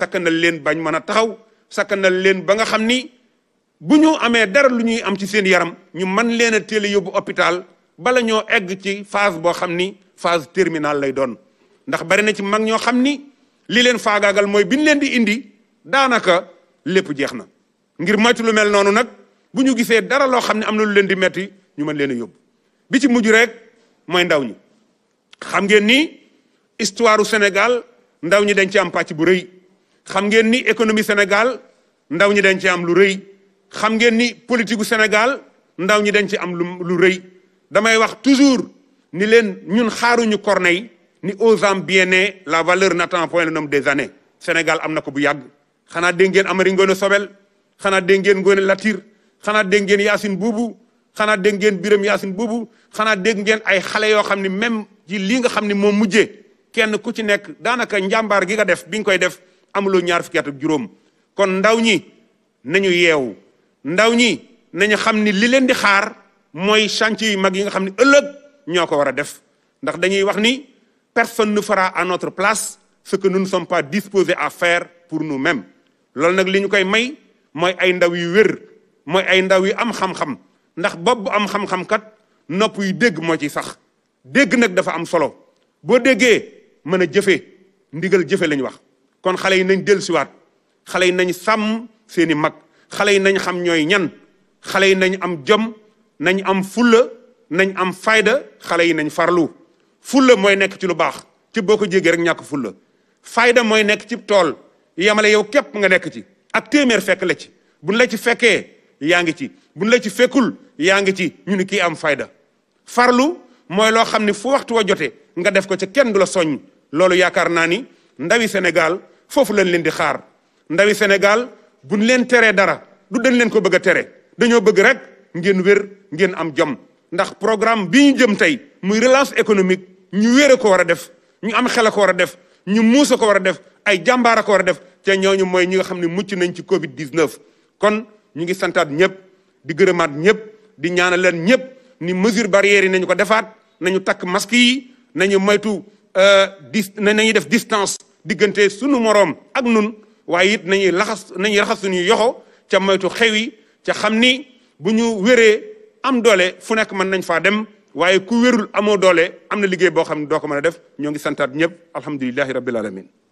sakkanal leen bañ mën a taxaw sakkanal leen ba nga xam ni bu ñu amee dara lu ñuy am ci seen yaram ñu mën leen a teel a yóbbu hôpital bala ñoo egg ci phase boo xam ni phase terminale lay doon ndax bari na ci mag ñoo xam ni li leen faagaagal mooy bi ñu leen di indi daanaka lépp jeex na ngir moytu lu mel noonu nag bu ñu gisee dara loo xam ne am na lu leen di metti ñu mën leen a yóbbu bi ci mujj rek mooy ndaw ñi xam ngeen ni histoire u Sénégal ndaw ñi dañ ci am pàcc bu rëy xam ngeen ni économie Sénégal ndaw ñi dañ ci am lu rëy xam ngeen ni politique gu Sénégal ndaw ñi dañ ci am lu lu rëy damay wax toujours ni leen ñun xaaruñu Corneille ni aux âmes bien-nées la valeur n'attend point le nombre des années Sénégal am na ko bu yàgg xanaa dégg ngeen Amari Ngoone Sobel xanaa dégg ngeen Ngoone Latir xanaa dégg ngeen Yacine Boubou xanaa dégg ngeen Birame Yacine Boubou xanaa dégg ngeen ay xale yoo xam ne même ci lii nga xam ne moom mujjee kenn ku ci nekk daanaka njàmbaar gi nga def bi nga koy def amuloo ñaar fukki ak juróom kon ndaw ñi nañu yeewu ndaw ñi nañu xam ni li leen di xaar mooy chantier yu mag yi nga xam ne ëllëg ñoo ko war a def ndax dañuy wax ni personne nu fera en notre place ce que nous ne sommes pas disposés à faire pour nous-mêmes loolu nag li ñu koy may mooy ay ndaw yu wér mooy ay ndaw yi am xam-xam ndax bopp bu am xam-xam kat nopp yi dégg moo ci sax dégg nag dafa am solo boo déggee mën a jëfe ndigal jëfe lañ wax kon xale yi nañ dellusiwaat xale yi nañ sàmm seeni mag xale yi nañ xam ñooy ñan xale yi nañ am jom nañ am fulla nañ am fayda xale yi nañ farlu fulla mooy nekk ci lu baax ci boo ko jégee rek ñàkk fulla fayda mooy nekk ci tool yamale yow képp nga nekk ci ak téeméer fekk la ci buñ ci fekkee yaa ngi ci buñ la ci fekkul yaa ngi ci ñu ni kii am fayda farlu mooy loo xam ne fu waxtu wa jote nga def ko ca kenn du la soññ loolu yaakaar naa ni ndawi Sénégal foofu lañ leen di xaar ndawi Sénégal buñ leen teree dara du dañ leen ko bëgg a tere dañoo bëgg rek ngeen wér ngeen am jom ndax programme bi ñu jëm tey muy relance économique ñu wéer ko war a def ñu am xel ko war a def ñu muus a ko war a def ay jàmbaar a ko war def te ñooñu mooy ñi nga xam ne mucc nañ ci Covid 19. kon ñu ngi santaat ñëpp di gërëmaat ñëpp di ñaanal leen ñëpp ni mesure barrière yi nañu ko defaat nañu takk masque yi nañu moytu euh, dis nañuy def distance. diggante sunu moroom ak nun waaye it nañu laxas nañuy raxas suñuy yoxo ca moytu xew yi ca xam ni bu ñu wéree am doole fu nekk mën nañ faa dem waaye ku wérul amoo doole am na liggéey boo xam ne doo ko mën a def ñoo ngi santaat ñëpp alhamdulilahi rabbil alamin